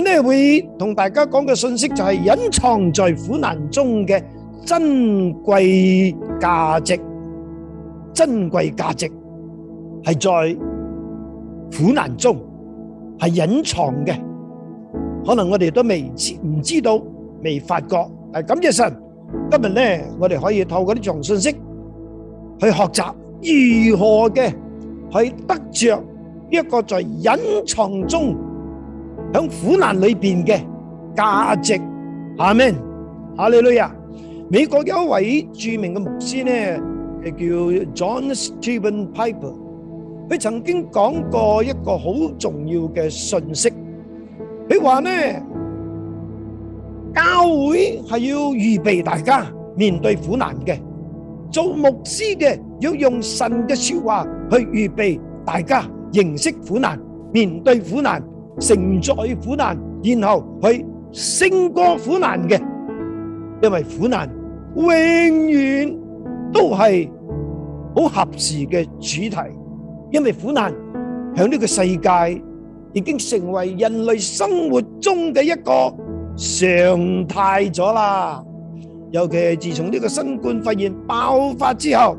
呢會同大家講嘅信息，就係隱藏在苦難中嘅珍貴價值，珍貴價值係在苦難中係隱藏嘅，可能我哋都未知唔知道，未發覺。但感謝神，今日呢我哋可以透過呢種信息，去學習如何嘅去得着一個在隱藏中。喺苦難裏邊嘅價值，阿們，阿女女啊，美國有一位著名嘅牧師呢，係叫 John Stephen Piper，佢曾經講過一個好重要嘅信息，佢話呢，教會係要預備大家面對苦難嘅，做牧師嘅要用神嘅說話去預備大家認識苦難、面對苦難。承載苦難，然後去勝過苦難嘅，因為苦難永遠都係好合時嘅主題。因為苦難響呢個世界已經成為人類生活中嘅一個常態咗啦。尤其係自從呢個新冠肺炎爆發之後，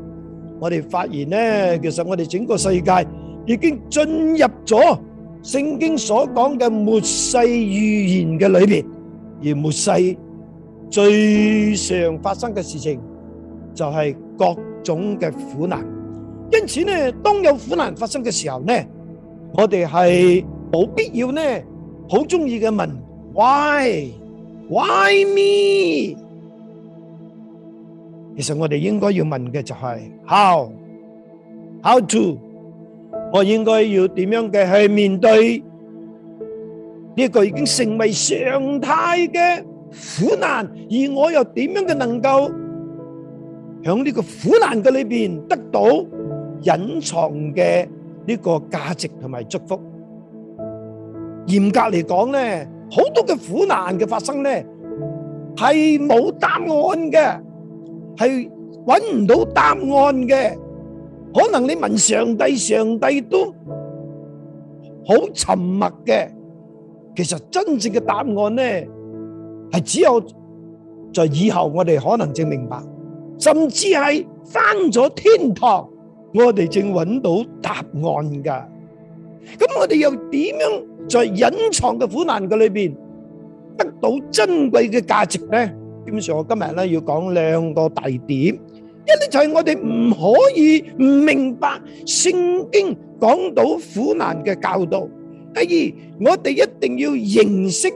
我哋發現呢，其實我哋整個世界已經進入咗。聖經所講嘅末世預言嘅裏邊，而末世最常發生嘅事情就係各種嘅苦難。因此呢，當有苦難發生嘅時候呢，我哋係冇必要呢，好中意嘅問 why，why me？其實我哋應該要問嘅就係 how，how to。我應該要點樣嘅去面對呢個已經成為常態嘅苦難？而我又點樣嘅能夠響呢個苦難嘅裏邊得到隱藏嘅呢個價值同埋祝福？嚴格嚟講咧，好多嘅苦難嘅發生咧係冇答案嘅，係搵唔到答案嘅。可能你問上帝，上帝都好沉默嘅。其實真正嘅答案咧，係只有在以後我哋可能正明白，甚至係返咗天堂，我哋正搵到答案噶。咁我哋又點樣在隱藏嘅苦難嘅裏邊得到珍貴嘅價值咧？基本上，我今日咧要講兩個大點。一呢就係我哋唔可以唔明白聖經講到苦難嘅教導。第二，我哋一定要認識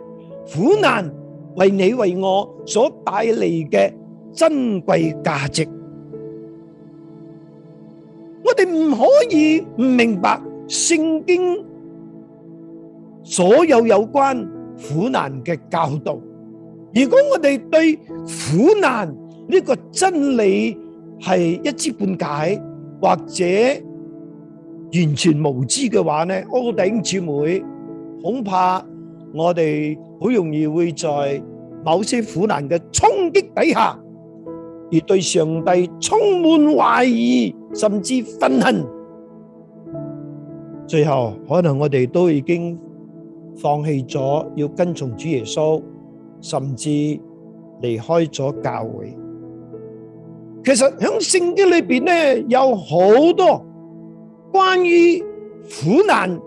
苦難為你為我所帶嚟嘅珍貴價值。我哋唔可以唔明白聖經所有有關苦難嘅教導。如果我哋對苦難呢個真理，係一知半解或者完全無知嘅話咧，屋頂姊妹，恐怕我哋好容易會在某些苦難嘅衝擊底下，而對上帝充滿懷疑，甚至憤恨，最後可能我哋都已經放棄咗要跟從主耶穌，甚至離開咗教會。其實喺聖經裏邊咧有好多關於苦難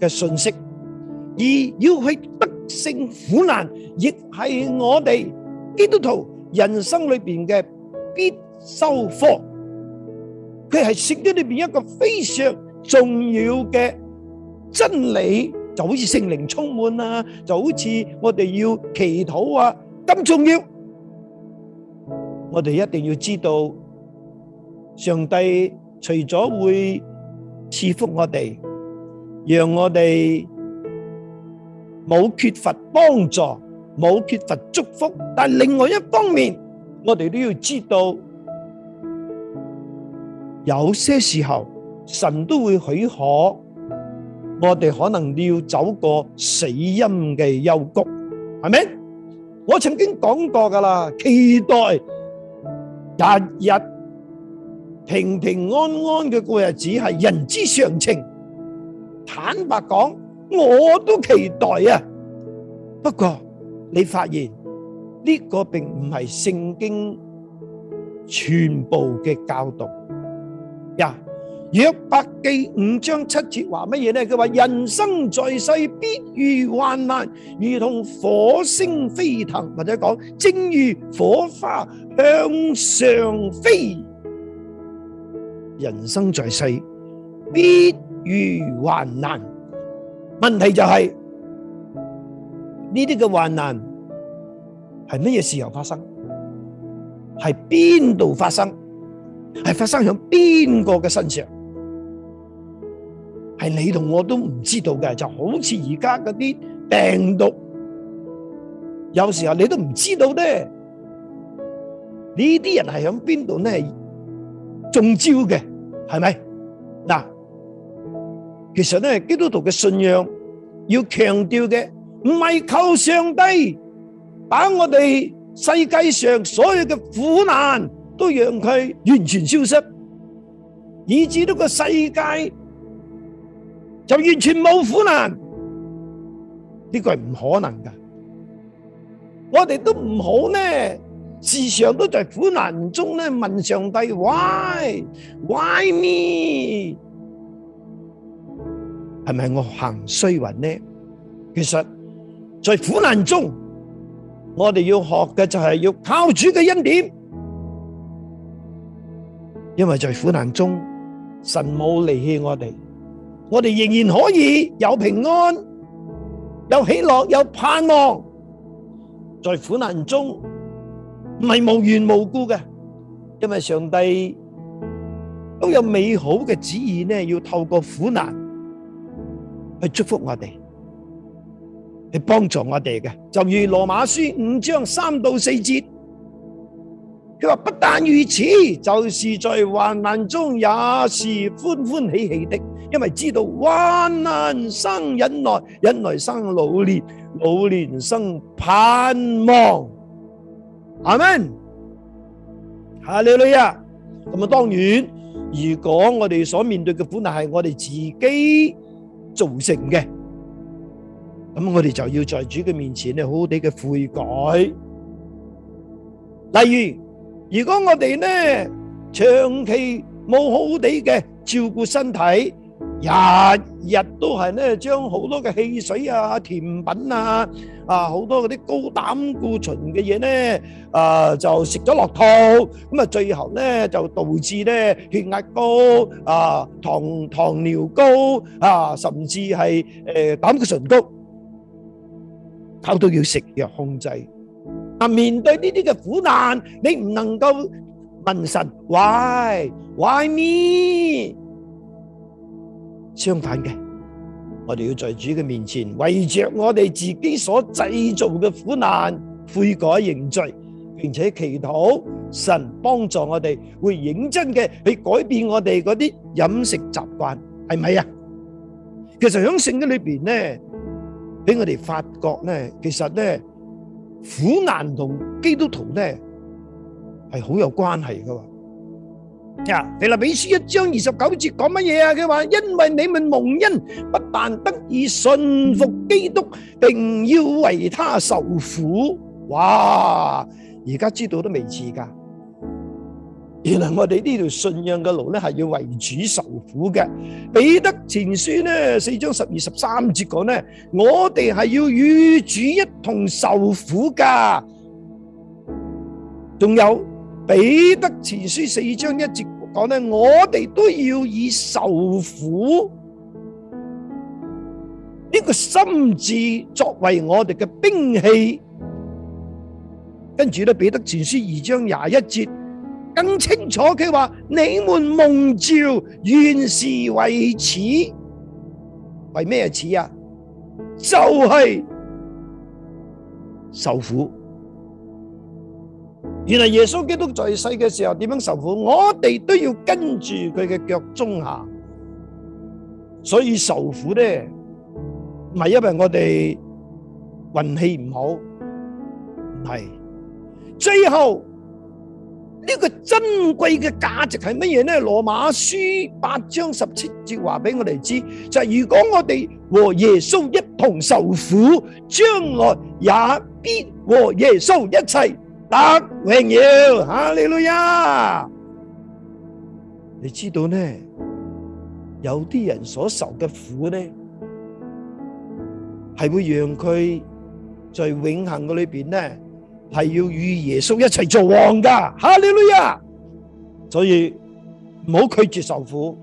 嘅信息，而要去得勝苦難，亦係我哋基督徒人生裏邊嘅必修科。佢係聖經裏邊一個非常重要嘅真理，就好似聖靈充滿啊，就好似我哋要祈禱啊，咁重要。我哋一定要知道，上帝除咗會賜福我哋，讓我哋冇缺乏幫助，冇缺乏祝福。但係另外一方面，我哋都要知道，有些時候神都會許可我哋可能要走過死蔭嘅幽谷，係咪？我曾經講過噶啦，期待。日日平平安安嘅過日子係人之常情，坦白講我都期待啊。不過你發現呢個並唔係聖經全部嘅教導呀。約伯記五章七節話乜嘢咧？佢話，人生在世必遇患難，如同火星飛騰，或者講正如火花向上飛。人生在世必遇患難，問題就係呢啲嘅患難係乜嘢時候發生？係邊度發生？係發生響邊個嘅身上？係你同我都唔知道嘅，就好似而家嗰啲病毒，有時候你都唔知道咧。呢啲人係響邊度咧係中招嘅，係咪？嗱，其實咧，基督徒嘅信仰要強調嘅，唔係靠上帝把我哋世界上所有嘅苦難都讓佢完全消失，以至到個世界。就完全冇苦難，呢個係唔可能噶。我哋都唔好呢，時常都在苦難中呢問上帝：Why？Why Why me？係咪我行衰運呢？其實，在苦難中，我哋要學嘅就係要靠主嘅恩典，因為在苦難中，神冇離棄我哋。我哋仍然可以有平安，有喜樂，有盼望。在苦難中唔係無緣無故嘅，因為上帝都有美好嘅旨意呢，要透過苦難去祝福我哋，去幫助我哋嘅。就如羅馬書五章三到四節，佢話不但如此，就是在患難中也是歡歡喜喜的。因為知道患難生忍耐，忍耐生老練，老練生盼望。阿們，哈利路亞，咁啊，當然，如果我哋所面對嘅苦難係我哋自己造成嘅，咁我哋就要在主嘅面前咧，好好地嘅悔改。例如，如果我哋咧長期冇好好地嘅照顧身體，日日都係咧，將好多嘅汽水啊、甜品啊、啊好多嗰啲高膽固醇嘅嘢咧，啊就食咗落肚，咁啊最後咧就導致咧血壓高啊、糖糖尿高啊，甚至係誒膽固醇高，搞到要食藥控制。嗱，面對呢啲嘅苦難，你唔能夠問神，Why？Why me？相反嘅，我哋要在主嘅面前，為着我哋自己所製造嘅苦難悔改認罪，並且祈禱神幫助我哋，會認真嘅去改變我哋嗰啲飲食習慣，係咪啊？其實響聖經裏邊咧，俾我哋發覺咧，其實咧苦難同基督徒咧係好有關係噶。呀，腓立比書一章二十九節講乜嘢啊？佢話，因為你們蒙恩，不但得以信服基督，並要為他受苦。哇！而家知道都未遲噶。原來我哋呢條信仰嘅路咧，係要為主受苦嘅。彼得前書呢四章十二十三節講呢，我哋係要與主一同受苦噶。仲有彼得前書四章一節。講呢，我哋都要以受苦呢個心智作為我哋嘅兵器，跟住咧彼得前書二章廿一節更清楚，佢話你們蒙召，原是為此，為咩似啊？就係、是、受苦。原來耶穌基督在世嘅時候點樣受苦，我哋都要跟住佢嘅腳蹤行。所以受苦咧，唔係因為我哋運氣唔好，唔係。最後呢、呢個珍貴嘅價值係乜嘢咧？羅馬書八章十七節話俾我哋知，就係、是、如果我哋和耶穌一同受苦，將來也必和耶穌一齊。啊，榮耀，哈利路亞！你知道呢？有啲人所受嘅苦呢，係會讓佢在永恆嘅裏邊呢，係要與耶穌一齊做王噶，哈利路亞！所以唔好拒絕受苦。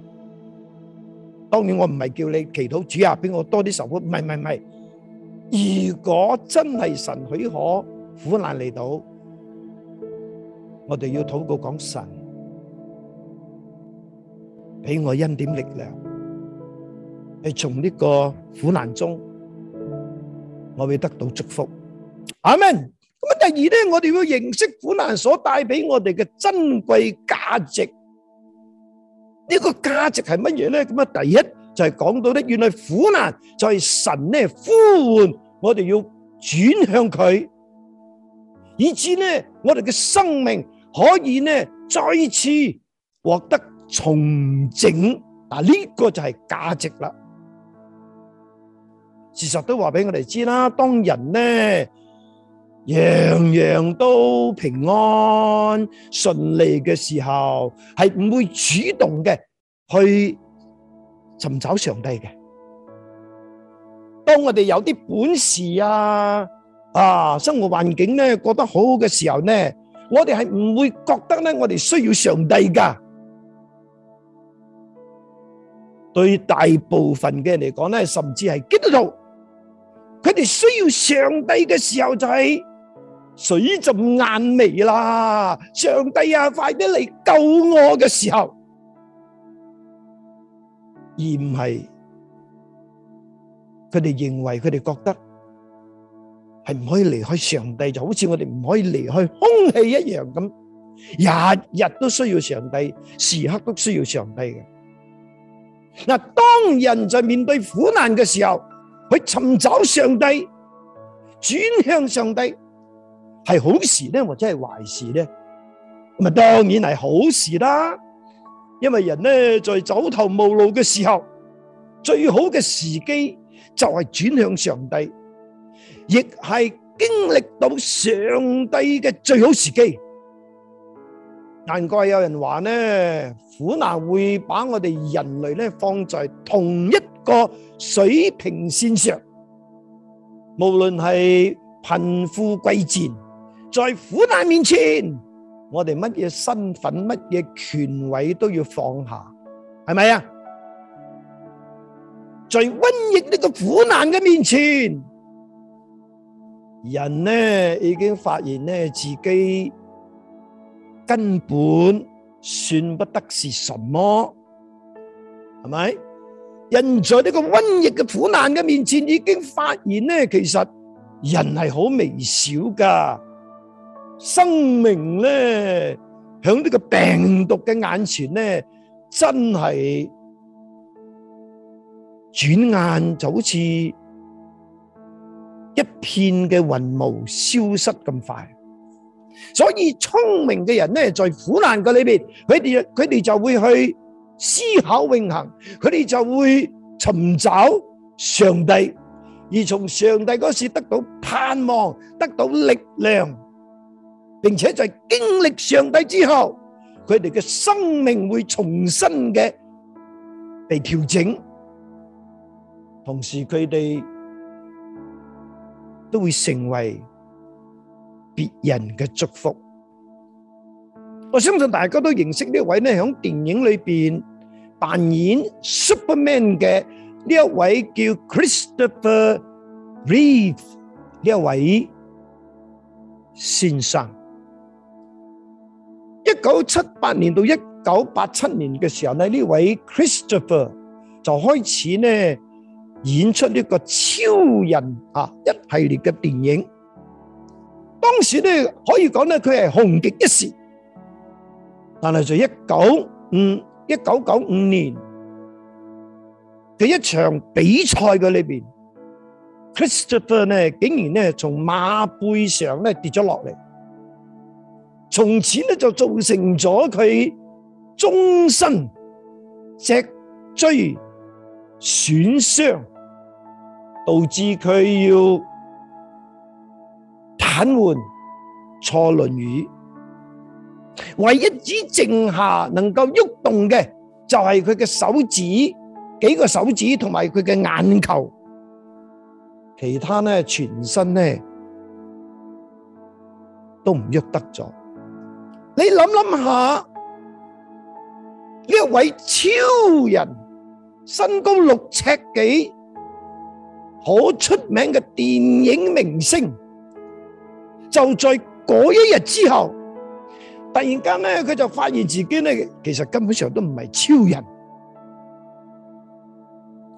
當然，我唔係叫你祈禱主啊，俾我多啲受苦。唔係唔係唔係，如果真係神許可苦難嚟到。我哋要禱告講，神俾我恩典力量，係從呢個苦難中，我會得到祝福。阿門。咁啊，第二咧，我哋要認識苦難所帶俾我哋嘅珍貴價值。呢個價值係乜嘢咧？咁啊，第一就係講到咧，原來苦難就係神咧呼喚我哋要轉向佢，以至咧我哋嘅生命。可以呢，再次獲得重整，嗱，呢個就係價值啦。事實都話俾我哋知啦。當人呢樣樣都平安順利嘅時候，係唔會主動嘅去尋找上帝嘅。當我哋有啲本事啊啊，生活環境呢過得好好嘅時候呢，我哋係唔會覺得咧，我哋需要上帝噶。對大部分嘅人嚟講咧，甚至係基督徒，佢哋需要上帝嘅時候就係水浸眼眉啦，上帝啊，快啲嚟救我嘅時候，而唔係佢哋認為、佢哋覺得。係唔可以離開上帝，就好似我哋唔可以離開空氣一樣咁，日日都需要上帝，時刻都需要上帝嘅。嗱，當人在面對苦難嘅時候，去尋找上帝，轉向上帝，係好事呢，或者係壞事呢？咁啊，當然係好事啦，因為人呢，在走投無路嘅時候，最好嘅時機就係轉向上帝。亦係經歷到上帝嘅最好時機，難怪有人話呢，苦難會把我哋人類呢，放在同一個水平線上。無論係貧富貴賤，在苦難面前，我哋乜嘢身份、乜嘢權位都要放下，係咪啊？在瘟疫呢個苦難嘅面前。人呢已經發現呢自己根本算不得是什麼，係咪？人在呢個瘟疫嘅苦難嘅面前，已經發現呢其實人係好微小噶，生命呢響呢個病毒嘅眼前呢，真係轉眼就好似。一片嘅雲霧消失咁快，所以聰明嘅人咧，在苦難嘅裏邊，佢哋佢哋就會去思考永恆，佢哋就會尋找上帝，而從上帝嗰時得到盼望，得到力量，並且在經歷上帝之後，佢哋嘅生命會重新嘅被調整，同時佢哋。都會成為別人嘅祝福。我相信大家都認識呢位咧，響電影裏邊扮演 Superman 嘅呢一位叫 Christopher Reeve 呢一位先生。一九七八年到一九八七年嘅時候咧，呢位 Christopher 就開始呢。演出呢個超人啊，一系列嘅電影，當時咧可以講咧佢係紅極一時，但係就一九五一九九五年嘅一場比賽嘅裏邊，Christopher 咧竟然咧從馬背上咧跌咗落嚟，從此咧就造成咗佢終身脊椎損傷。導致佢要癱瘓坐輪椅，唯一只剩下能夠喐動嘅，就係佢嘅手指，幾個手指同埋佢嘅眼球，其他咧全身咧都唔喐得咗。你諗諗下，呢位超人身高六尺幾，好出名嘅電影明星，就在嗰一日之後，突然間咧，佢就發現自己咧，其實根本上都唔係超人。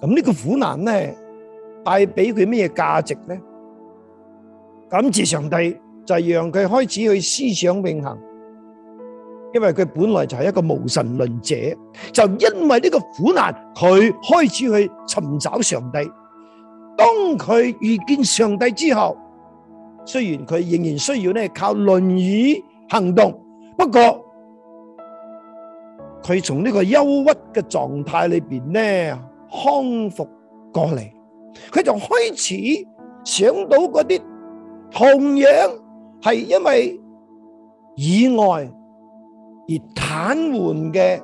咁、這個、呢個苦難咧，帶俾佢咩價值咧？感謝上帝就係讓佢開始去思想永恆，因為佢本來就係一個無神論者，就因為呢個苦難，佢開始去尋找上帝。當佢遇見上帝之後，雖然佢仍然需要呢靠輪椅行動，不過佢從呢個憂鬱嘅狀態裏邊呢康復過嚟，佢就開始想到嗰啲同樣係因為意外而癱瘓嘅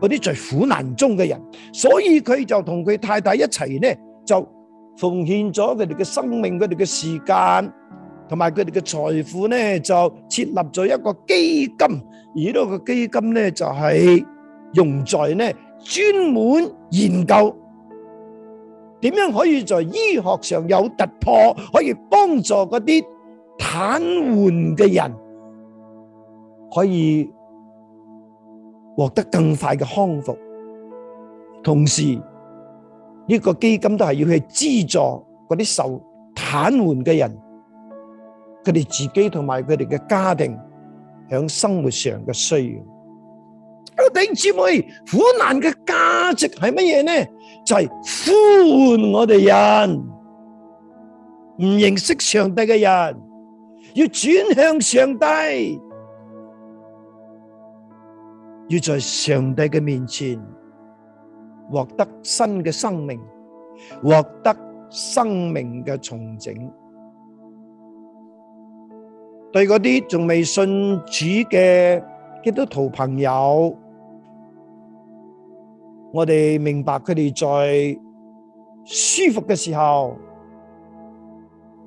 嗰啲在苦難中嘅人，所以佢就同佢太太一齊呢就。奉獻咗佢哋嘅生命、佢哋嘅時間同埋佢哋嘅財富咧，就設立咗一個基金，而呢個基金咧就係用在呢專門研究點樣可以在醫學上有突破，可以幫助嗰啲癱瘓嘅人，可以獲得更快嘅康復，同時。呢個基金都係要去資助嗰啲受癱瘓嘅人，佢哋自己同埋佢哋嘅家庭響生活上嘅需要。我頂姊妹，苦難嘅價值係乜嘢呢？就係呼喚我哋人，唔認識上帝嘅人，要轉向上帝，要在上帝嘅面前。獲得新嘅生命，獲得生命嘅重整。對嗰啲仲未信主嘅基督徒朋友，我哋明白佢哋在舒服嘅時候，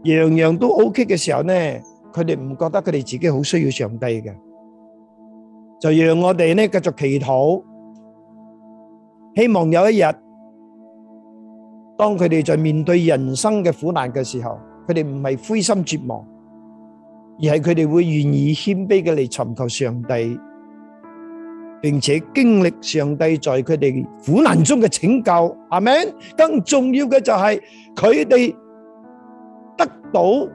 樣樣都 OK 嘅時候呢，佢哋唔覺得佢哋自己好需要上帝嘅，就讓我哋呢繼續祈禱。希望有一日，當佢哋在面對人生嘅苦難嘅時候，佢哋唔係灰心絕望，而係佢哋會願意謙卑嘅嚟尋求上帝，並且經歷上帝在佢哋苦難中嘅拯救，阿門。更重要嘅就係佢哋得到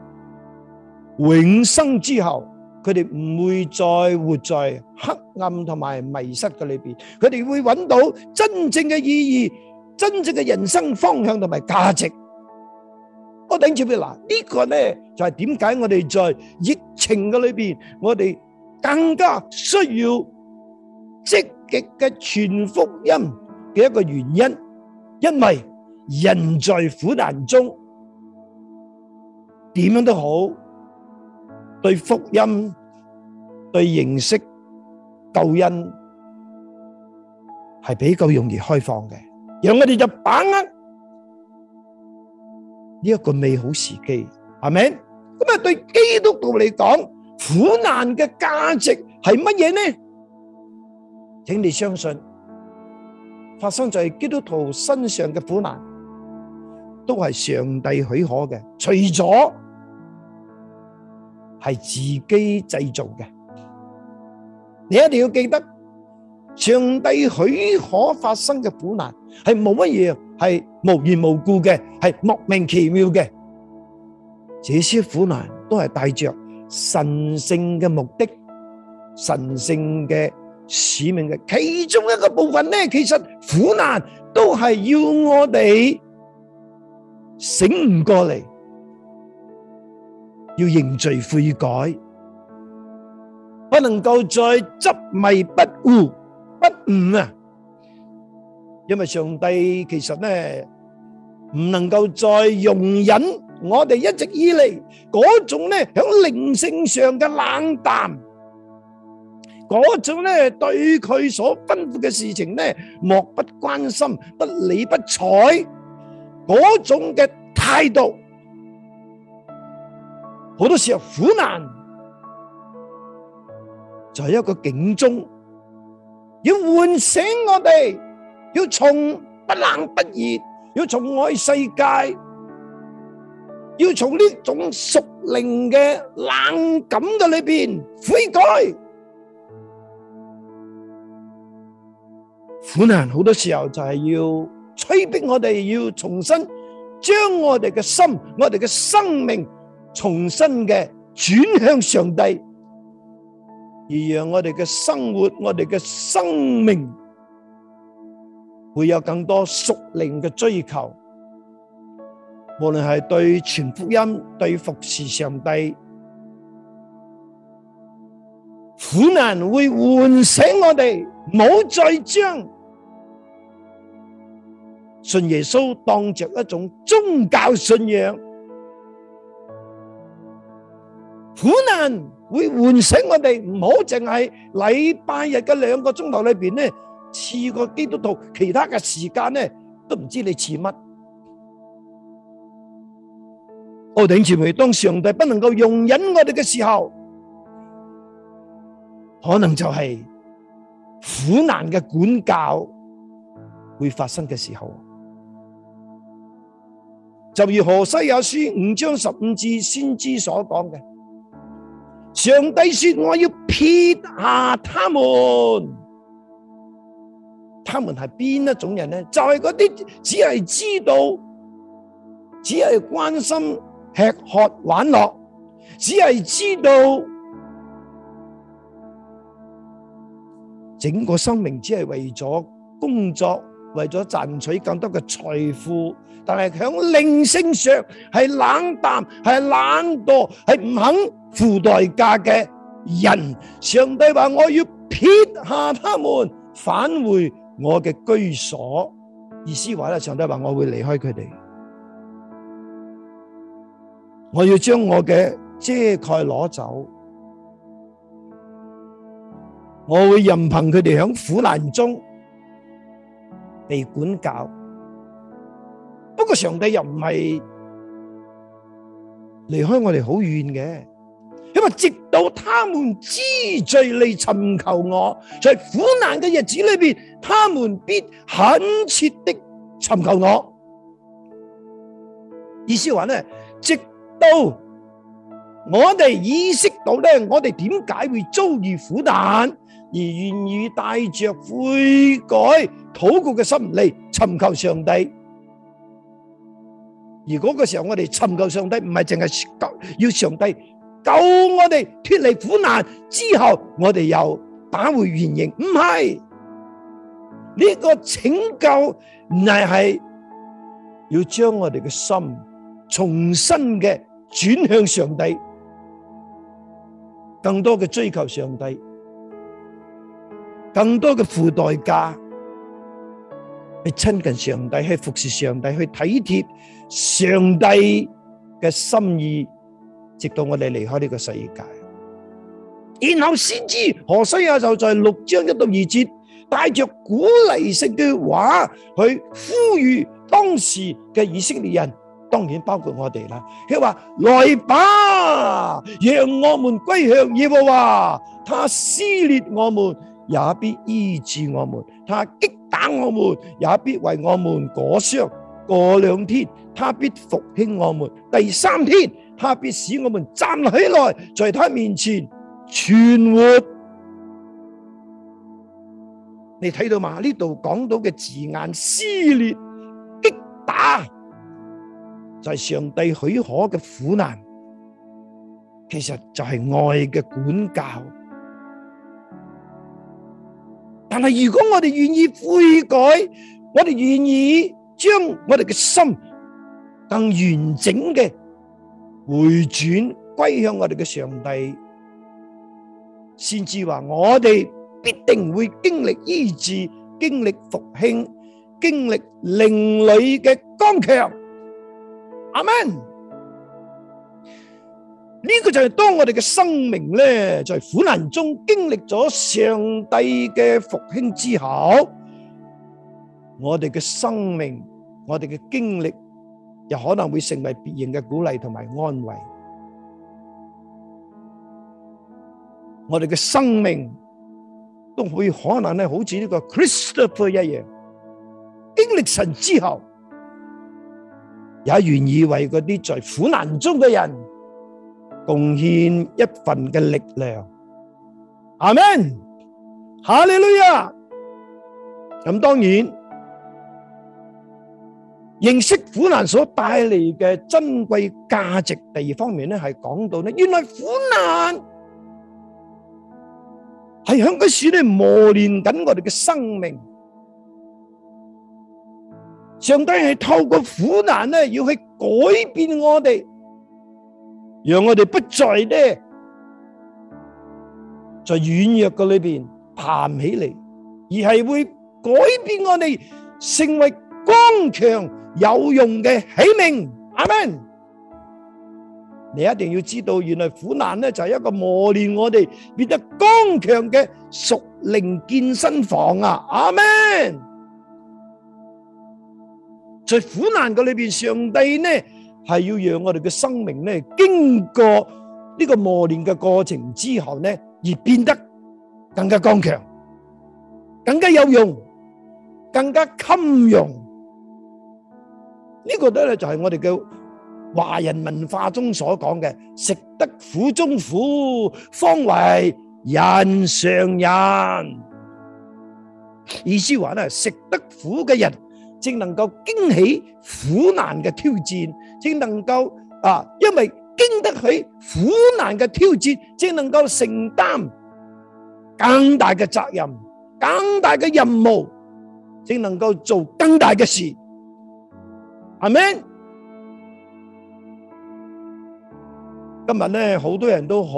永生之後，佢哋唔會再活在黑暗同埋迷失嘅裏邊，佢哋會揾到真正嘅意義、真正嘅人生方向同埋價值。我頂住邊嗱，呢個咧就係點解我哋在疫情嘅裏邊，我哋更加需要積極嘅傳福音嘅一個原因，因為人在苦難中，點樣都好。對福音、對認識救恩係比較容易開放嘅，讓我哋就把握呢一個美好時機，係咪？咁啊，對基督徒嚟講，苦難嘅價值係乜嘢呢？請你相信，發生在基督徒身上嘅苦難都係上帝許可嘅，除咗。係自己製造嘅，你一定要記得，上帝許可發生嘅苦難係冇乜嘢，係無緣無故嘅，係莫名其妙嘅。這些苦難都係帶着神聖嘅目的、神聖嘅使命嘅，其中一個部分呢，其實苦難都係要我哋醒唔過嚟。要認罪悔改，不能夠再執迷不悟、不悟啊！因為上帝其實呢唔能夠再容忍我哋一直以嚟嗰種呢響靈性上嘅冷淡，嗰種呢對佢所吩咐嘅事情呢漠不關心、不理不睬嗰種嘅態度。好多時候苦難就係、是、一個警鐘，要喚醒我哋，要從不冷不熱，要從愛世界，要從呢種屬靈嘅冷感嘅裏邊悔改。苦難好多時候就係要催逼我哋，要重新將我哋嘅心，我哋嘅生命。重新嘅轉向上帝，而讓我哋嘅生活、我哋嘅生命會有更多屬靈嘅追求。無論係對傳福音、對服侍上帝，苦難會喚醒我哋，冇再將信耶穌當作一種宗教信仰。苦難會喚醒我哋，唔好淨係禮拜日嘅兩個鐘頭裏邊呢，似個基督徒，其他嘅時間呢，都唔知你似乜。奧頂前輩，當上帝不能夠容忍我哋嘅時候，可能就係苦難嘅管教會發生嘅時候。就如何西阿書五章十五節先知所講嘅。上帝說我要撇下他們，他們係邊一種人呢？就係嗰啲只係知道，只係關心吃喝玩樂，只係知道整個生命只係為咗工作。為咗賺取更多嘅財富，但係響名聲上係冷淡，係懶惰，係唔肯付代價嘅人，上帝話我要撇下他們，返回我嘅居所。意思話咧，上帝話我會離開佢哋，我要將我嘅遮蓋攞走，我會任憑佢哋響苦難中。被管教，不過上帝又唔係離開我哋好遠嘅，因為直到他們知罪嚟尋求我，在、就是、苦難嘅日子裏邊，他們必懇切的尋求我。意思話咧，直到我哋意識到咧，我哋點解會遭遇苦難？而願意帶着悔改、禱告嘅心理，尋求上帝。而嗰個時候，我哋尋求上帝，唔係淨係求，要上帝救我哋脱離苦難之後，我哋又打回原形。唔係呢個拯救，唔係係要將我哋嘅心重新嘅轉向上帝，更多嘅追求上帝。更多嘅付代價去親近上帝，去服侍上帝，去體貼上帝嘅心意，直到我哋離開呢個世界。然後先知何西阿就在六章一到二節，帶着鼓勵性嘅話去呼籲當時嘅以色列人，當然包括我哋啦。佢話，來吧，讓我們歸向耶和華，他撕裂我們。也必醫治我們，他擊打我們，也必為我們裹傷。過兩天，他必復興我們；第三天，他必使我們站起來，在他面前存活。你睇到嘛？呢度講到嘅字眼撕裂、擊打，就係上帝許可嘅苦難，其實就係愛嘅管教。但係如果我哋願意悔改，我哋願意將我哋嘅心更完整嘅回轉歸向我哋嘅上帝，先至話我哋必定會經歷醫治、經歷復興、經歷另類嘅剛強。阿門。呢、這個就係當我哋嘅生命咧，在苦難中經歷咗上帝嘅復興之後，我哋嘅生命，我哋嘅經歷，又可能會成為別人嘅鼓勵同埋安慰。我哋嘅生命都會可能咧，好似呢個 Christopher 一樣，經歷神之後，也願意為啲在苦難中嘅人。貢獻一份嘅力量，阿們，哈利路亞。咁當然認識苦難所帶嚟嘅珍貴價值。第二方面咧係講到咧，原來苦難係喺嗰時咧磨練緊我哋嘅生命。上帝係透過苦難咧，要去改變我哋。讓我哋不再呢在的軟弱嘅裏邊爬起嚟，而係會改變我哋成為光強有用嘅起名，阿 m a n 你一定要知道，原來苦難呢就係一個磨練我哋變得光強嘅熟齡健身房啊，阿 m a n 在苦難嘅裏邊，上帝呢。係要讓我哋嘅生命咧，經過呢個磨練嘅過程之後咧，而變得更加剛強、更加有用、更加堪用。呢、這個咧就係我哋嘅華人文化中所講嘅：食得苦中苦，方為人上人。意思話咧，食得苦嘅人正能夠經起苦難嘅挑戰。先能夠啊，因為經得起苦難嘅挑戰，先能夠承擔更大嘅責任、更大嘅任務，先能夠做更大嘅事，係咪？今日呢，好多人都好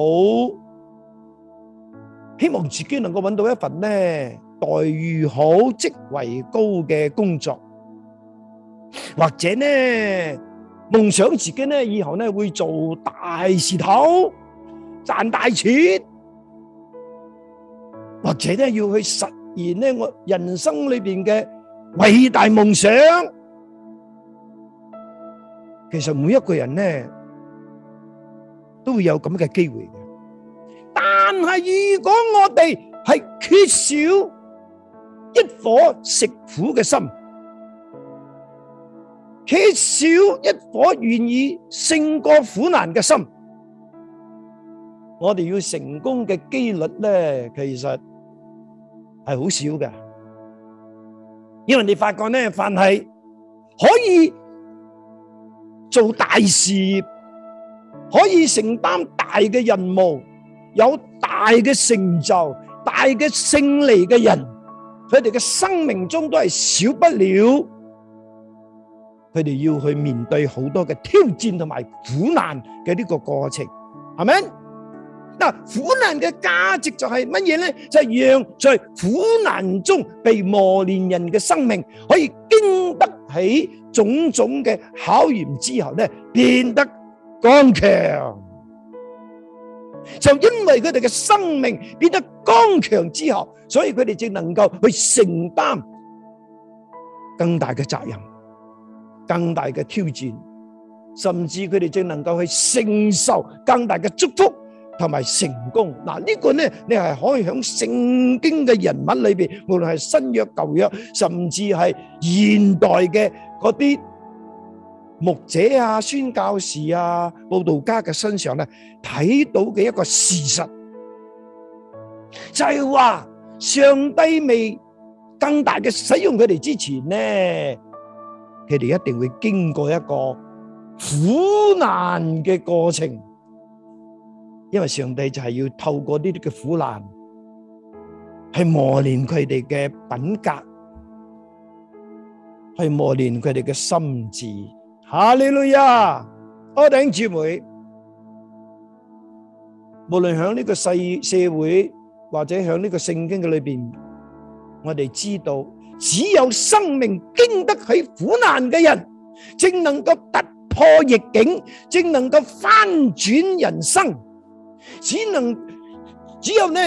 希望自己能夠揾到一份呢待遇好、職位高嘅工作，或者呢。夢想自己以後呢會做大事頭，賺大錢，或者要去實現呢我人生裏邊嘅偉大夢想。其實每一個人都會有咁嘅機會嘅，但係如果我哋係缺少一顆食苦嘅心。缺少一顆願意勝過苦難嘅心，我哋要成功嘅幾率咧，其實係好少嘅。因為你發覺咧，凡係可以做大事業、可以承擔大嘅任務、有大嘅成就、大嘅勝利嘅人，佢哋嘅生命中都係少不了。佢哋要去面對好多嘅挑戰同埋苦難嘅呢個過程，係咪？嗱，苦難嘅價值就係乜嘢咧？就係讓在苦難中被磨練人嘅生命，可以經得起種種嘅考驗之後咧，變得剛強。就因為佢哋嘅生命變得剛強之後，所以佢哋就能夠去承擔更大嘅責任。更大嘅挑戰，甚至佢哋正能夠去承受更大嘅祝福同埋成功。嗱，呢個呢，你係可以響聖經嘅人物裏邊，無論係新約舊約，甚至係現代嘅嗰啲牧者啊、宣教士啊、佈道家嘅身上咧，睇到嘅一個事實，就係話上帝未更大嘅使用佢哋之前呢，佢哋一定會經過一個苦難嘅過程，因為上帝就係要透過呢啲嘅苦難，去磨練佢哋嘅品格，去磨練佢哋嘅心智。哈利路亞，弟兄姊妹，無論響呢個世社會或者響呢個聖經嘅裏邊，我哋知道。只有生命經得起苦難嘅人，正能夠突破逆境，正能夠翻轉人生。只能只有呢，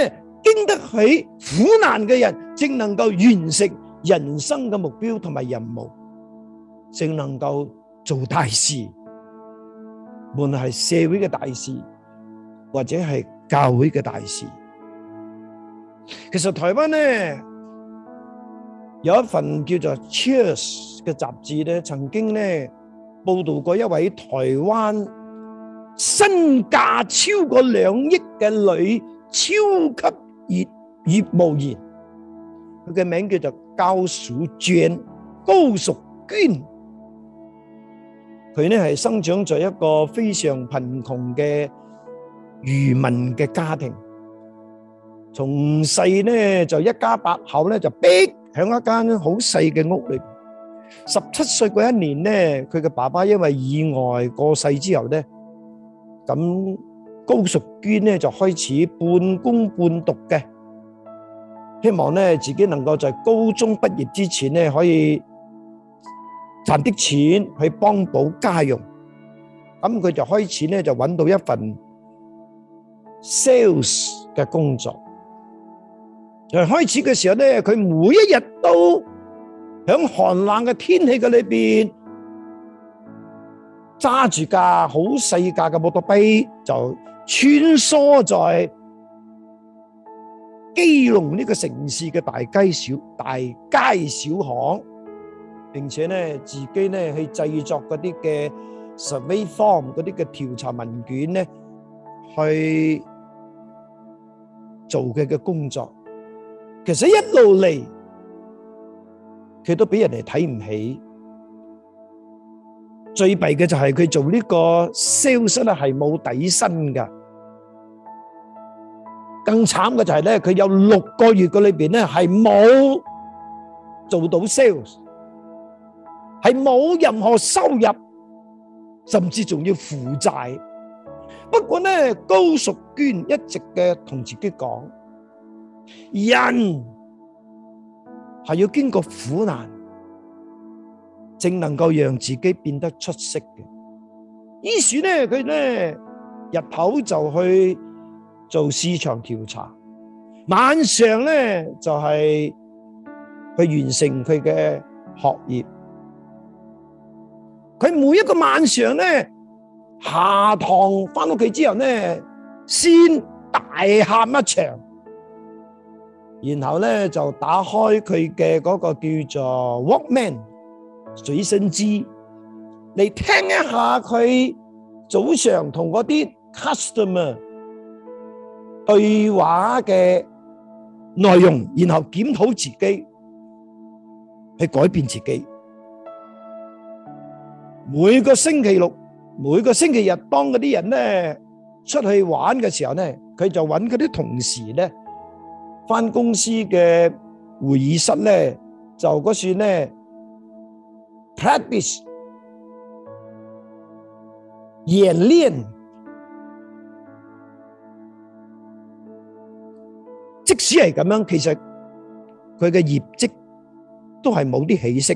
經得起苦難嘅人，正能夠完成人生嘅目標同埋任務，正能夠做大事，無論係社會嘅大事，或者係教會嘅大事。其實台灣呢，有一份叫做《Cheers》嘅雜誌咧，曾經咧報道過一位台灣身價超過兩億嘅女超級業業務員，佢嘅名叫做高淑娟，高淑娟。佢咧係生長在一個非常貧窮嘅漁民嘅家庭，從細咧就一家八口咧就逼。喺一間好細嘅屋嚟，十七歲嗰一年咧，佢嘅爸爸因為意外過世之後咧，咁高淑娟咧就開始半工半讀嘅，希望咧自己能夠在高中畢業之前咧可以賺啲錢去幫補家用，咁佢就開始咧就搵到一份 sales 嘅工作。在開始嘅時候咧，佢每一日都喺寒冷嘅天氣嘅裏邊，揸住架好細架嘅摩托車，就穿梭在基隆呢個城市嘅大街小大街小巷，並且咧自己咧去製作嗰啲嘅 survey form 嗰啲嘅調查問卷咧，去做佢嘅工作。其實一路嚟佢都俾人哋睇唔起，最弊嘅就係佢做呢個 sales 咧係冇底薪噶，更慘嘅就係咧佢有六個月嘅裏邊咧係冇做到 sales，係冇任何收入，甚至仲要負債。不過咧高淑娟一直嘅同自己講。人係要經過苦難，正能夠讓自己變得出色嘅。於是呢，佢呢日頭就去做市場調查，晚上呢就係、是、去完成佢嘅學業。佢每一個晚上呢，下堂翻屋企之後呢，先大喊一場。，然後咧就打開佢嘅嗰個叫做返公司嘅會議室咧，就嗰時咧 practice 演練，即使係咁樣，其實佢嘅業績都係冇啲起色，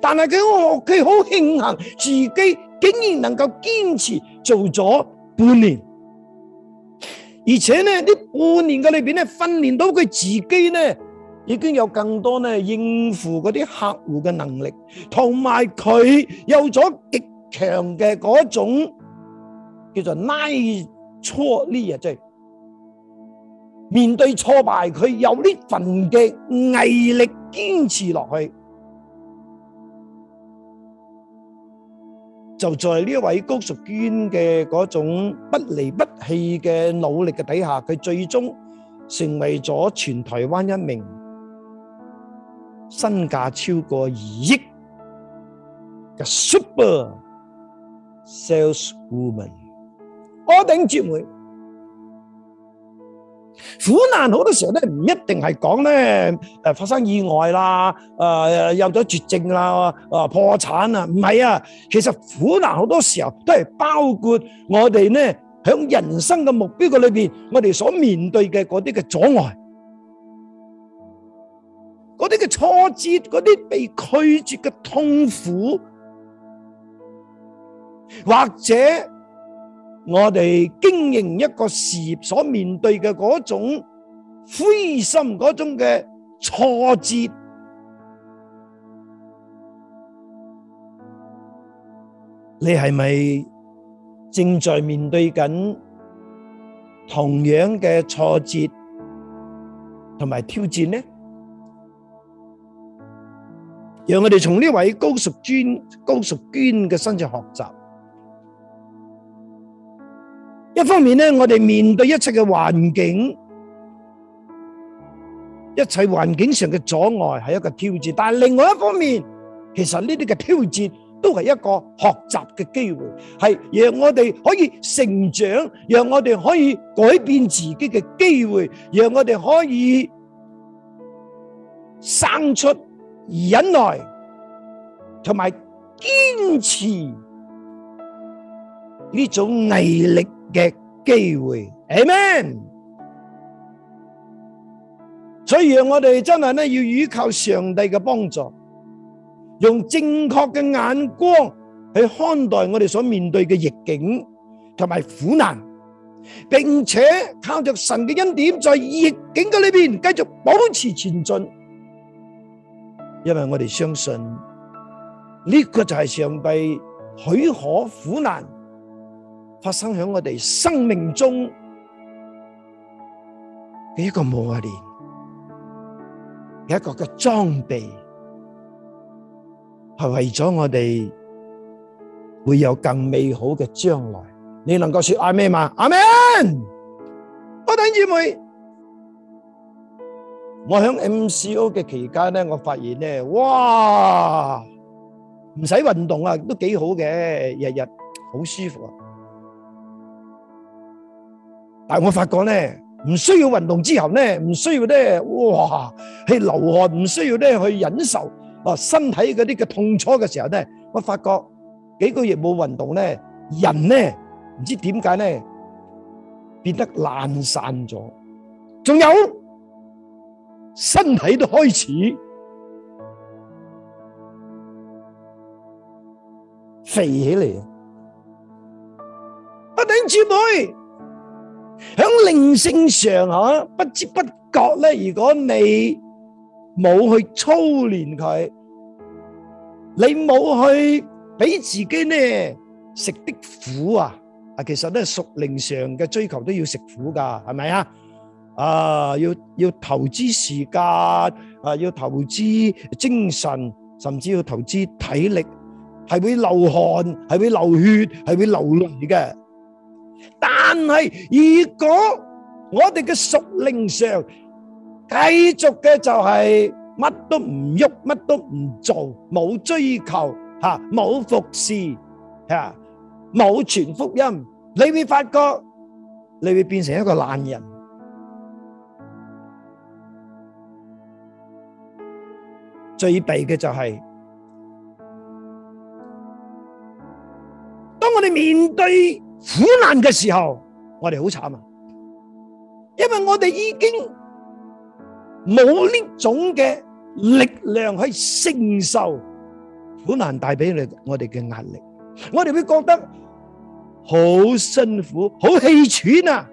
但係佢好佢好慶幸自己竟然能夠堅持做咗半年。而且咧，啲半年嘅裏邊咧，訓練到佢自己咧，已經有更多咧應付嗰啲客戶嘅能力，同埋佢有咗極強嘅嗰種叫做拉挫呢嘢，即係面對挫敗，佢有呢份嘅毅力堅持落去。就在呢位高淑娟嘅嗰種不離不棄嘅努力嘅底下，佢最終成為咗全台灣一名身價超過二億嘅 super saleswoman。我頂住會。苦難好多時候咧唔一定係講咧誒發生意外啦，誒有咗絕症啦，誒破產啊，唔係啊，其實苦難好多時候都係包括我哋呢，響人生嘅目標嘅裏邊，我哋所面對嘅嗰啲嘅阻礙，嗰啲嘅挫折，嗰啲被拒絕嘅痛苦，或者。我哋經營一個事業所面對嘅嗰種灰心，嗰種嘅挫折，你係咪正在面對緊同樣嘅挫折同埋挑戰呢？讓我哋從呢位高淑娟高淑娟嘅身上學習。一方面咧，我哋面對一切嘅環境，一切環境上嘅阻礙係一個挑戰；但係另外一方面，其實呢啲嘅挑戰都係一個學習嘅機會，係讓我哋可以成長，讓我哋可以改變自己嘅機會，讓我哋可以生出而忍耐，同埋堅持呢種毅力。嘅機會，Amen。所以我哋真係呢要依靠上帝嘅幫助，用正確嘅眼光去看待我哋所面對嘅逆境同埋苦難，並且靠着神嘅恩典，在逆境嘅裏邊繼續保持前進，因為我哋相信呢個就係上帝許可苦難。發生喺我哋生命中嘅一個磨練，一個嘅裝備，係為咗我哋會有更美好嘅將來。你能夠說阿們嘛？阿們，我等姊妹，我喺 MCO 嘅期間咧，我發現咧，哇，唔使運動啊，都幾好嘅，日日好舒服啊！我發覺咧，唔需要運動之後咧，唔需要咧，哇，係流汗，唔需要咧去忍受啊，身體嗰啲嘅痛楚嘅時候咧，我發覺幾個月冇運動咧，人咧唔知點解咧，變得懶散咗，仲有身體都開始肥起嚟，阿頂姐妹。響靈性上吓，不知不覺咧，如果你冇去操練佢，你冇去俾自己咧食啲苦啊啊！其實咧，屬靈上嘅追求都要食苦噶，係咪啊？啊，要要投資時間啊，要投資精神，甚至要投資體力，係會流汗，係會流血，係會流淚嘅。但係，如果我哋嘅屬靈上繼續嘅就係乜都唔喐，乜都唔做，冇追求吓，冇服侍吓，冇傳福音，你會發覺你會變成一個懶人。最弊嘅就係，當我哋面對。苦難嘅時候，我哋好慘啊！因為我哋已經冇呢種嘅力量去承受苦難帶俾嚟我哋嘅壓力，我哋會覺得好辛苦、好氣喘啊！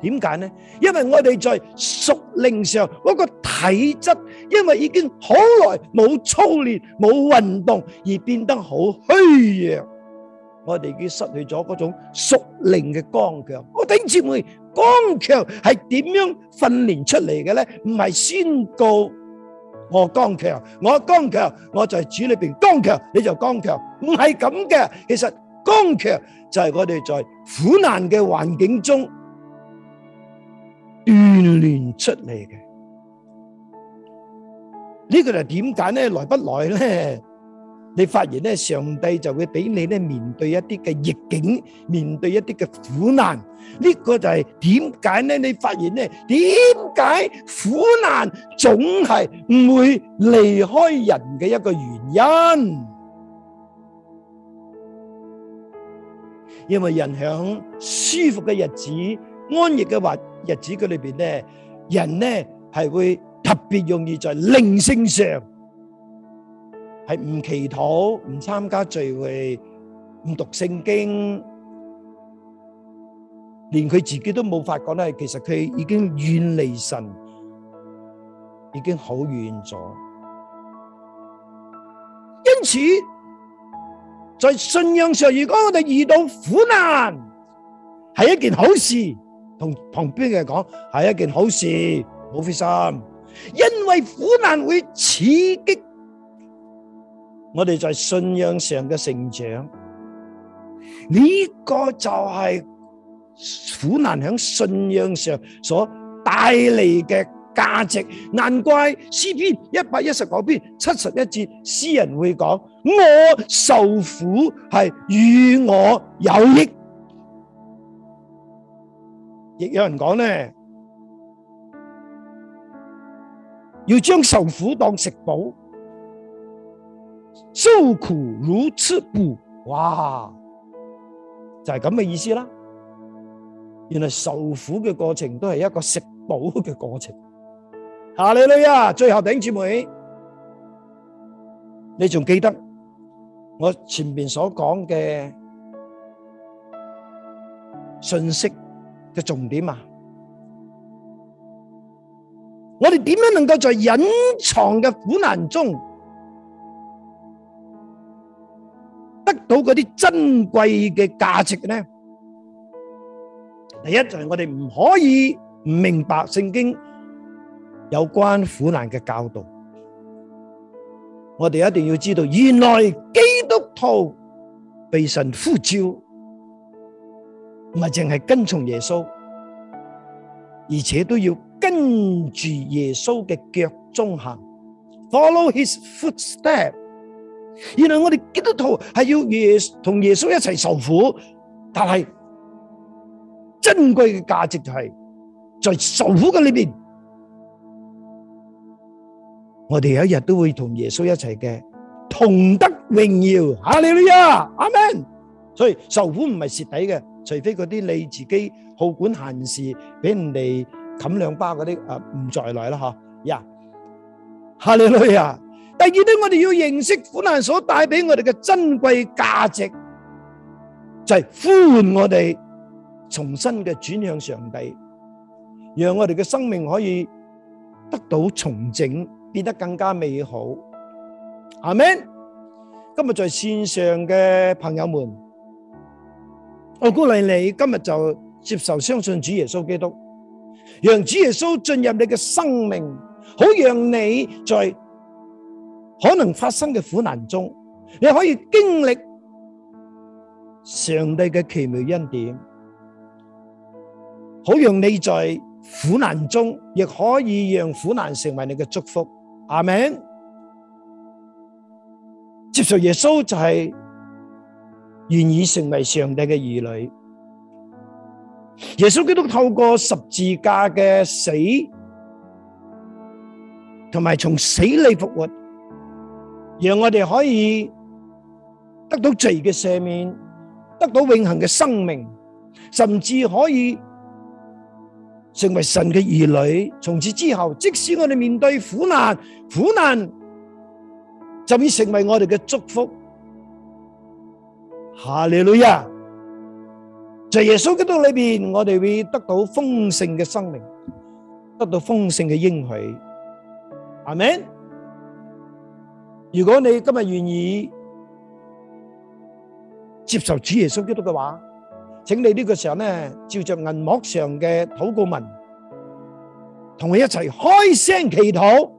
點解呢？因為我哋在屬靈上嗰個體質，因為已經好耐冇操練、冇運動，而變得好虛弱。我哋已經失去咗嗰種屬靈嘅剛強。我頂住會，剛強係點樣訓練出嚟嘅咧？唔係宣告我剛強，我剛強，我就係主裏邊剛強，你就剛強，唔係咁嘅。其實剛強就係我哋在苦難嘅環境中鍛煉出嚟嘅。呢個就點解咧？來不來咧？你發現咧，上帝就會俾你咧面對一啲嘅逆境，面對一啲嘅苦難。呢個就係點解咧？你發現咧，點解苦難總係唔會離開人嘅一個原因？因為人喺舒服嘅日子、安逸嘅或日子佢裏邊咧，人咧係會特別容易在靈性上。係唔祈禱、唔參加聚會、唔讀聖經，連佢自己都冇發覺。係其實佢已經遠離神，已經好遠咗。因此，在信仰上，如果我哋遇到苦難，係一件好事。同旁邊嘅人講係一件好事，冇灰心，因為苦難會刺激。我哋在信仰上嘅成長，呢個就係苦難喺信仰上所帶嚟嘅價值。難怪詩篇一百一十九篇七十一節，詩人會講：我受苦係與我有益。亦有人講咧，要將受苦當食寶。受苦如吃補，哇，就係咁嘅意思啦。原來受苦嘅過程都係一個食補嘅過程。下你女啊，最後頂住眉，你仲記得我前面所講嘅信息嘅重點啊？我哋點樣能夠在隱藏嘅苦難中？嗰啲珍貴嘅價值咧，第一就係我哋唔可以唔明白聖經有關苦難嘅教導。我哋一定要知道，原來基督徒被神呼召，唔係淨係跟從耶穌，而且都要跟住耶穌嘅腳蹤行，follow his footsteps。原來我哋基督徒係要耶同耶穌一齊受苦，但係珍貴嘅價值就係在受苦嘅裏邊，我哋有一日都會同耶穌一齊嘅同得榮耀。哈利路亞，阿門。所以受苦唔係蝕底嘅，除非嗰啲你自己好管閒事，俾人哋冚兩巴嗰啲啊，唔在內啦嗬。呀，哈利路亞。第二啲，我哋要認識苦難所帶俾我哋嘅珍貴價值，就係呼喚我哋重新嘅轉向上帝，讓我哋嘅生命可以得到重整，變得更加美好。阿門！今日在綫上嘅朋友們，我鼓勵你今日就接受相信主耶穌基督，讓主耶穌進入你嘅生命，好讓你在可能發生嘅苦難中，你可以經歷上帝嘅奇妙恩典，好讓你在苦難中，亦可以讓苦難成為你嘅祝福。阿們，接受耶穌就係願意成為上帝嘅兒女。耶穌基督透過十字架嘅死，同埋從死裏復活。讓我哋可以得到罪嘅赦免，得到永恒嘅生命，甚至可以成為神嘅兒女。從此之後，即使我哋面對苦難，苦難就已成為我哋嘅祝福。哈利路亞！在耶穌基督裏面，我哋會得到豐盛嘅生命，得到豐盛嘅應許。阿門。如果你今日願意接受主耶穌基督嘅話，請你呢個時候呢，照着銀幕上嘅禱告文，同佢一齊開聲祈禱，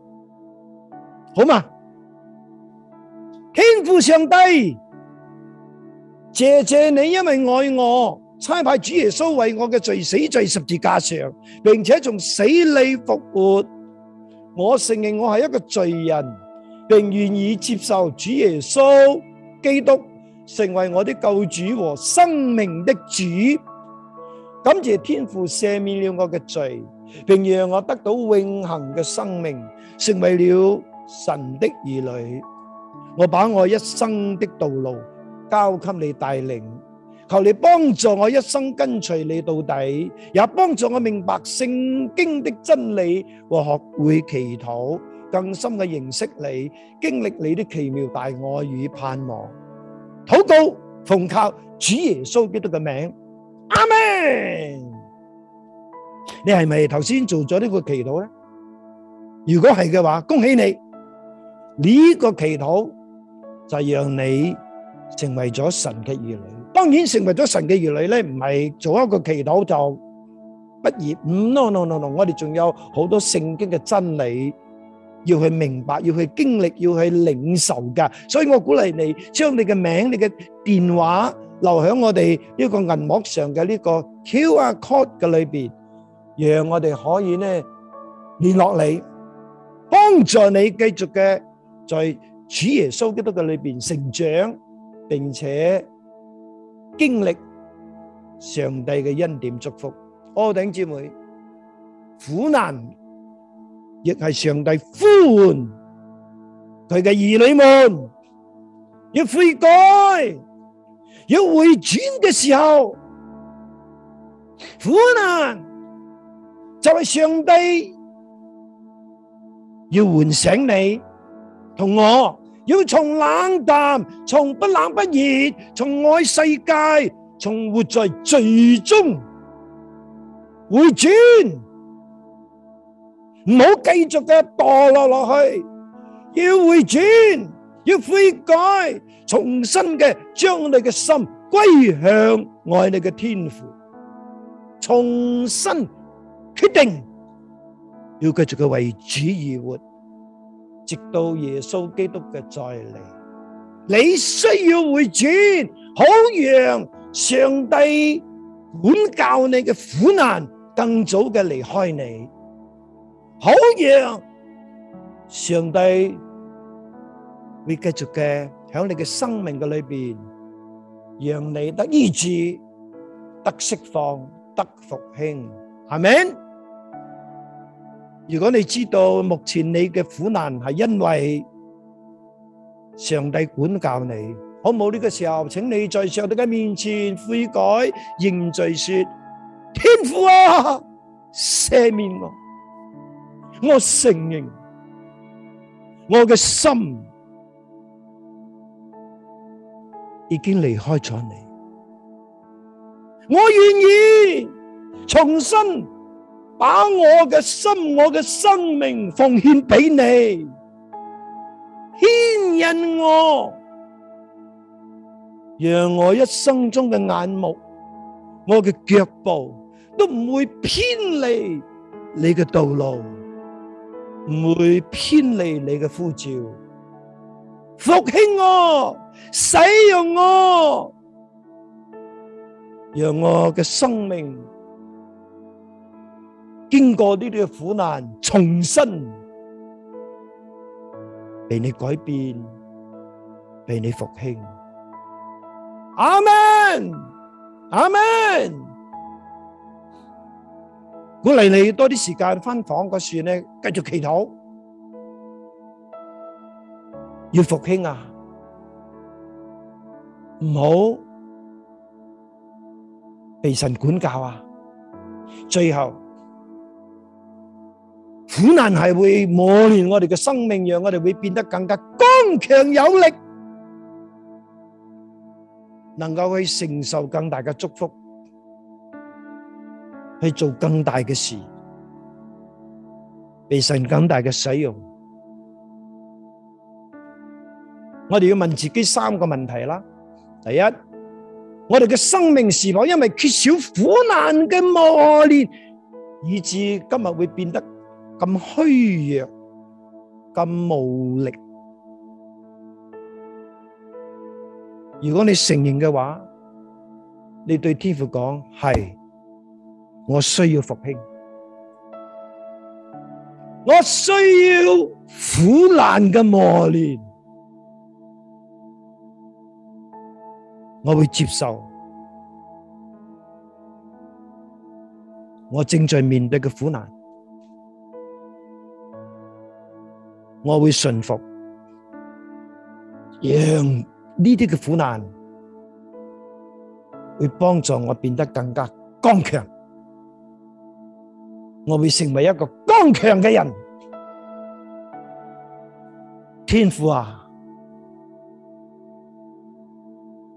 好嘛？天父上帝，謝謝你因為愛我，差派主耶穌為我嘅罪死在十字架上，並且從死裏復活。我承認我係一個罪人。並願意接受，主耶穌，基督，成為我的救主，更深嘅認識你，經歷你啲奇妙大愛與盼望，禱告奉靠主耶穌基督嘅名，阿門。你係咪頭先做咗呢個祈禱咧？如果係嘅話，恭喜你，呢個祈禱就讓你成為咗神嘅兒女。當然，成為咗神嘅兒女咧，唔係做一個祈禱就畢業。唔，no no no no，我哋仲有好多聖經嘅真理。要去明白，要去經歷，要去領受噶。所以我鼓勵你將你嘅名、你嘅電話留響我哋呢個銀幕上嘅呢個 QR code 嘅裏邊，讓我哋可以呢聯絡你，幫助你繼續嘅在主耶穌基督嘅裏邊成長，並且經歷上帝嘅恩典祝福。弟兄姊妹，苦難亦係上帝呼喚佢嘅兒女們要悔改、要回轉嘅時候，苦難就係上帝要喚醒你同我，要從冷淡、從不冷不熱、從愛世界、從活在罪中回轉。唔好繼續嘅墮落落去，要回轉，要悔改，重新嘅將你嘅心歸向愛你嘅天父，重新決定要繼續為主而活，直到耶穌基督嘅再嚟。你需要回轉，好讓上帝管教你嘅苦難更早嘅離開你。好嘢！上帝會繼續嘅喺你嘅生命嘅裏邊，讓你得醫治、得釋放、得復興，係咪？如果你知道目前你嘅苦難係因為上帝管教你，好冇？呢個時候，請你在上帝嘅面前悔改認罪，說天父啊，赦免我。我承認，我嘅心已經離開咗你。我願意重新把我嘅心、我嘅生命奉獻俾你，牽引我，讓我一生中嘅眼目、我嘅腳步都唔會偏離你嘅道路。唔會偏離你嘅呼召，復興我，使用我，讓我嘅生命經過呢啲苦難，重新被你改變，被你復興。阿門，阿門。鼓勵你多啲時間返房個事呢，繼續祈禱，要復興啊！唔好被神管教啊！最後苦難係會磨練我哋嘅生命，讓我哋會變得更加剛強有力，能夠去承受更大嘅祝福。去做更大嘅事，被神更大嘅使用。我哋要問自己三個問題啦。第一，我哋嘅生命是否因為缺少苦難嘅磨練，以致今日會變得咁虛弱，咁無力？如果你承認嘅話，你對天父講，係。我需要復興，我需要苦難嘅磨練，我會接受我正在面對嘅苦難，我會順服，讓呢啲嘅苦難會幫助我變得更加剛強。我會成為一個剛強嘅人，天父啊，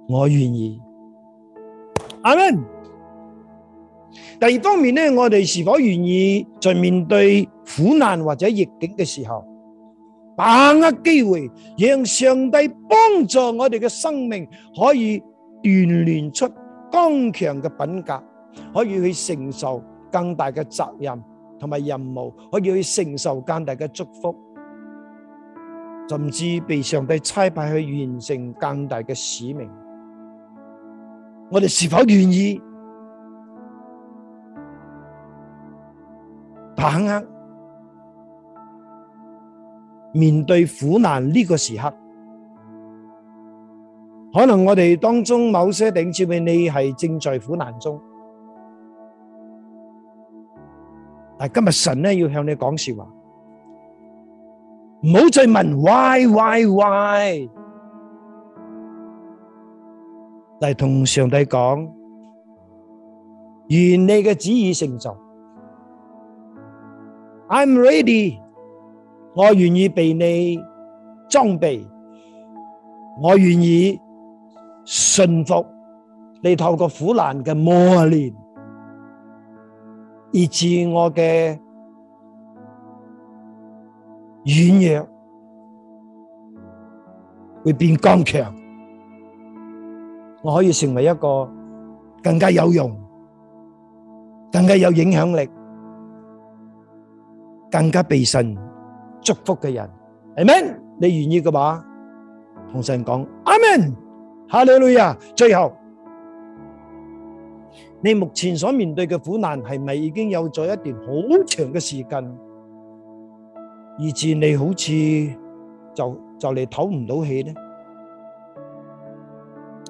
我願意，阿門。第二方面呢，我哋是否願意在面對苦難或者逆境嘅時候，把握機會，讓上帝幫助我哋嘅生命，可以鍛煉出剛強嘅品格，可以去承受。更大嘅責任同埋任務，可以去承受更大嘅祝福，甚至被上帝差派去完成更大嘅使命。我哋是否願意把握面對苦難呢個時刻，可能我哋當中某些弟兄姊妹，你係正在苦難中。但今日神呢要向你講說話，唔好再問 why why why，嚟同上帝講，願你嘅旨意成就。I'm ready，我願意被你裝備，我願意順服你透過苦難嘅磨練。而致我嘅軟弱會變剛強，我可以成為一個更加有用、更加有影響力、更加被神祝福嘅人，阿門？你願意嘅話，同神講，阿門，哈利路亞，最後。你目前所面對嘅苦難係咪已經有咗一段好長嘅時間，以至你好似就就嚟唞唔到氣咧？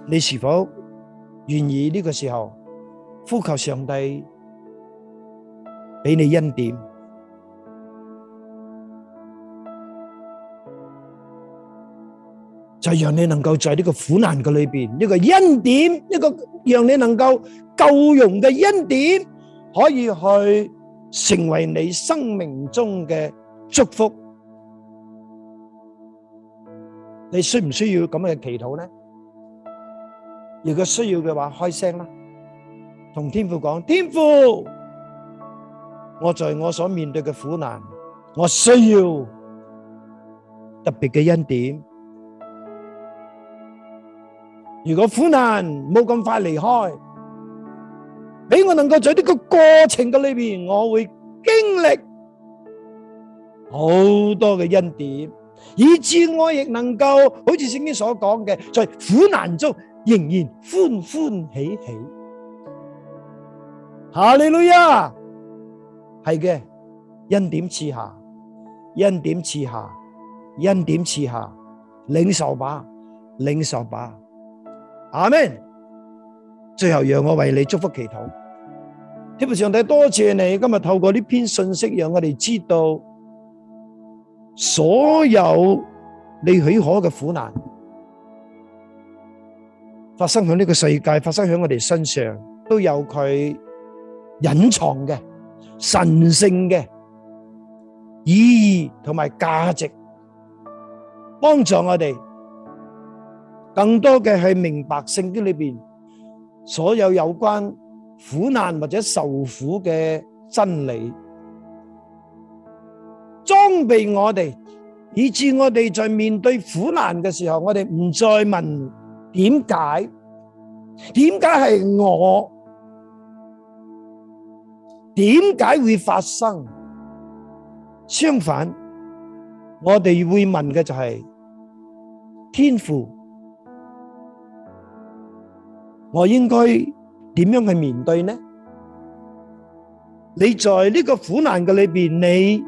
你是否願意呢個時候呼求上帝俾你恩典？就讓你能夠在這個苦難裏面，一個恩典，一個讓你能夠夠用的恩典，可以去成為你生命中的祝福。你需唔需要噉嘅祈禱呢？如果需要的話，開聲啦，同天父講，天父，我在我所面對的苦難，我需要特別的恩典，如果苦難冇咁快離開，俾我能夠在呢個過程嘅裏邊，我會經歷好多嘅恩典，以至我亦能夠好似聖經所講嘅，在苦難中仍然歡歡喜喜。下嚟女啊，係嘅，恩典賜下，恩典賜下，恩典賜下，領受吧，領受吧。阿們，最後讓我為你祝福祈禱。天父上帝，多謝你今日透過呢篇信息，讓我哋知道所有你許可嘅苦難發生喺呢個世界，發生喺我哋身上，都有佢隱藏嘅神聖嘅意義同埋價值，幫助我哋。更多嘅係明白聖經裏邊所有有關苦難或者受苦嘅真理，裝備我哋，以至我哋在面對苦難嘅時候，我哋唔再問點解，點解係我，點解會發生？相反，我哋會問嘅就係天父，我應該點樣去面對呢？你在呢個苦難嘅裏邊，你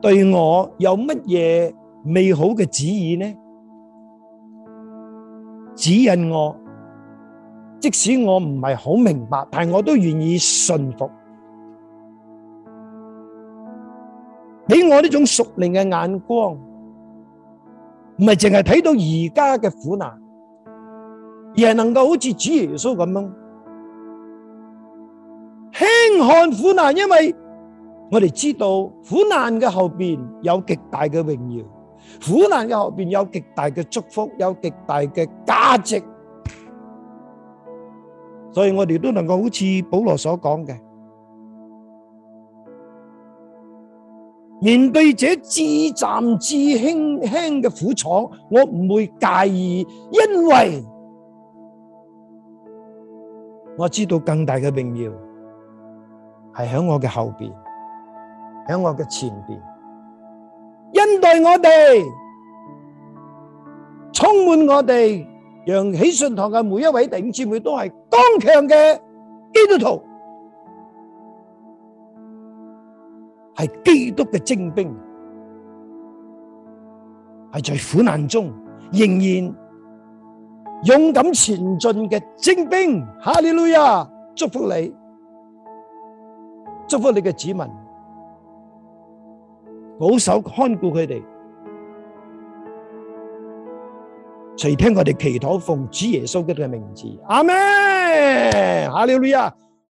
對我有乜嘢美好嘅指引呢？指引我，即使我唔係好明白，但係我都願意順服。俾我呢種屬靈嘅眼光，唔係淨係睇到而家嘅苦難。而係能夠好似主耶穌噉樣，輕看苦難，因為我哋知道苦難嘅後邊有極大嘅榮耀，苦難嘅後邊有極大嘅祝福，有極大嘅價值。所以我哋都能夠好似保羅所講嘅，面對這至暫至輕輕嘅苦楚，我唔會介意，因為。我知道更大嘅榮耀係喺我嘅後邊，喺我嘅前邊，恩待我哋，充滿我哋，讓喜信堂嘅每一位弟兄姊妹都係剛強嘅基督徒，係基督嘅精兵，係在苦難中仍然。勇敢前進嘅精兵，哈利路亞！祝福你，祝福你嘅子民，保守看顧佢哋，垂聽我哋祈禱，奉主耶穌嘅名字，阿門，哈利路亞。